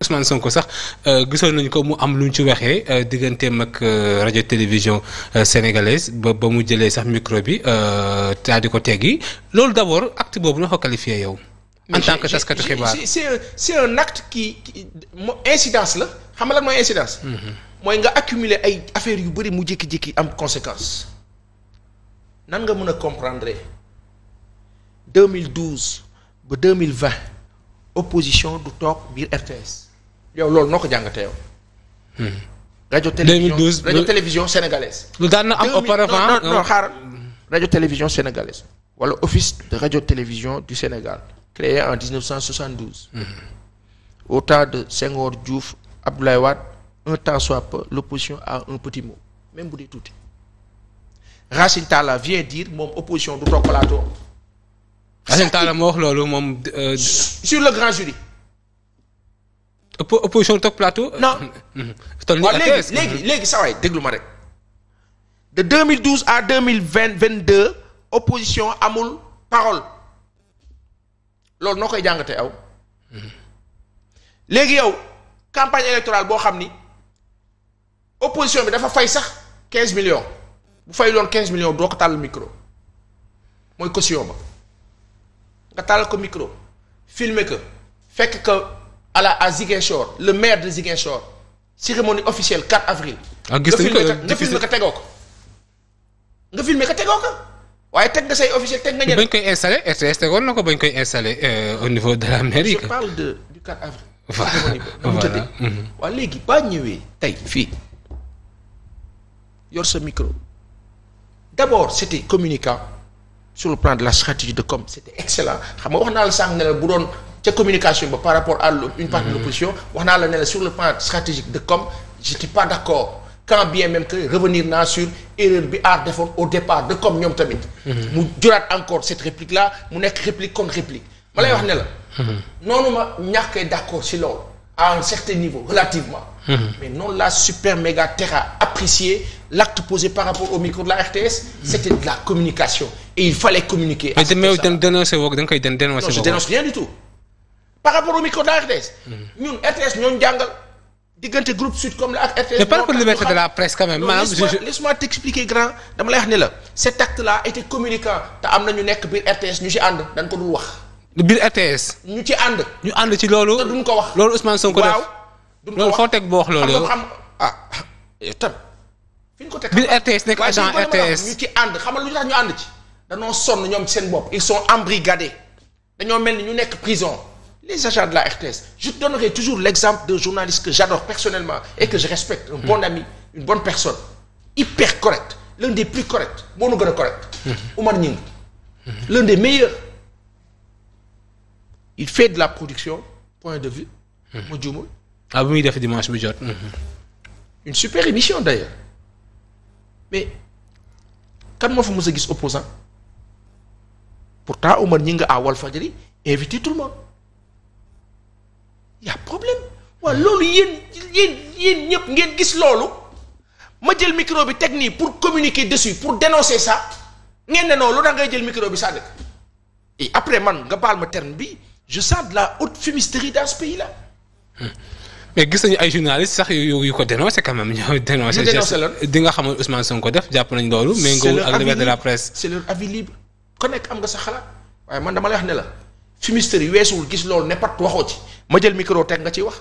Ousmane Sonko sax euh, gisoon nañ ko mu am lu ñu ci waxee euh, digganteem ak euh, rajo télévision sénégalaise ba ba mu jëlee sax micro bi daa di ko teggi loolu d'abord acte boobu na ko qualifié yow. en tant que taskatu xibaar c'est un c'est un acte mo incidence la xam nga lan mooy incidence. Mm-hmm. mooy nga accumuler ay affaires yu bëri mu jékki-jékki am conséquence. nan nga mën a comprendre. 2012 ba 2020 opposition du toog biir RTS. yow loolu noo ko jàngatee yow. Hmm. rajo télévision 2012 sénégalaise. lu daan na am auparavant non non xaaral. rajo télévision sénégalaise. wala office de radio télévision du Sénégal. créé en 1972. Hmm. au temps de Senghor Diouf Abdoulaye Wade un temps soit peu l'opposition a un petit mot même bu dee tuuti Racine Talla vient dire moom opposition du toog plateau. Assane moo wax loolu moom. Euh, sur le grand jury. opposition toog plateau. non waaw léegi léegi léegi saa déglu ma rek. de 2012 à 2020 22 opposition amul parole loolu noo koy jàngatee aw. léegi yow campagne électorale boo xam ni opposition bi dafa fay sax quinze millions bu fay loon quinze millions doo ko tàll micro mooy caution ba. nga taal ko micro filmer ko fekk ko à la Ziguinchor le maire de Ziguinchor cérémonie officielle 4 avril. ah gis nga filmer ko tegoo ko nga filmer ko tegoo ko. waaye teg nga say officiel teg nga ñeneen. bañ koy installé RTS tegoon na ko bañ koy installé euh, au niveau de la mairie. je de du 4 avril. voilà mhm. léegi baa ñëwee tey fii yor sa micro d'abord c'était communicant. sur le plan de la stratégie de com c'était excellent xam nga wax naa la sànq ne la bu doon ca communication ba par rapport à une partie de mm-hmm. l'opposition wax la ne sur le plan stratégique de com j'étais pas d'accord quand bien même que revenir naa sur erreur bi aar defoon au départ de com ñoom tamit mm-hmm. mu juraat encore cette réplique là mu nekk réplique contre réplique ma lay wax ne la mm-hmm. noonu ma ñàkkee d'accord si loolu à un certain niveau relativement Mmh. mais la super a apprécié l'acte la RTS. Mmh. c'était de la communication. et il fallait communiquer. mais mais dénoncé woo da nga koy dénoncé woo. non je dénonce rien du tout. par rapport au micro de RTS. ñun RTS ñoo jàngal diggante groupe sud comme la ak RTS. mais par rapport liberté de la presse quand même. maanaam je ne la cet acte là était te am na ñu nekk biir RTS ñu ci ànd dañ ko dul wax. biir RTS. ñu ci ànd. ñu ànd ci loolu. te duñ ko wax loolu Ousmane Sonko ko wax loolu foo teg boo wax loolu yow. xam ah fi ñu ko teg biir RTS nekk agent RTS. ñu ci ànd xamal lu tax ñu ànd ci. non sonn ñoom seen bopp ils sont embrigadés dañoo mel ni ñu nekk prison les agents de la RTS je donnerai toujours l'exemple d'un journaliste que j'adore personnellement et que je respecte un bon ami une bonne personne hyper l'un des plus corrects moo nu gën a correct mhm. Oumar Gningue mhm. l'un des meilleurs il fait de la production point de vue ma mhm. juumul ah def dimanche bi émission d'ailleurs mais kan moo fa mës a gis opposant pourtant Oumar Gningue à Walfadjri invité tout le monde y a problème waaw loolu yéen yéen yéen ñëpp ngeen gis loolu ma jël micro bi teg nii pour communiquer dessus pour dénoncer ça ngeen ne loolu lu ngay jël micro bi sànni et après man nga baal ma terme bi je sens de la haute fumisterie dans ce pays là. mais gis nañu ay journalistes sax yu yu ko dénoncé quand ñoo dénoncé. di nga xamoon Ousmane Sonko def jàpp nañ loolu. méngoowul ak liberté de la ku nekk am nga sa xalaat waaye man dama lay wax ne la yi weesuwul gis loolu ne pat waxoo ci ma jël micro teg nga ciy wax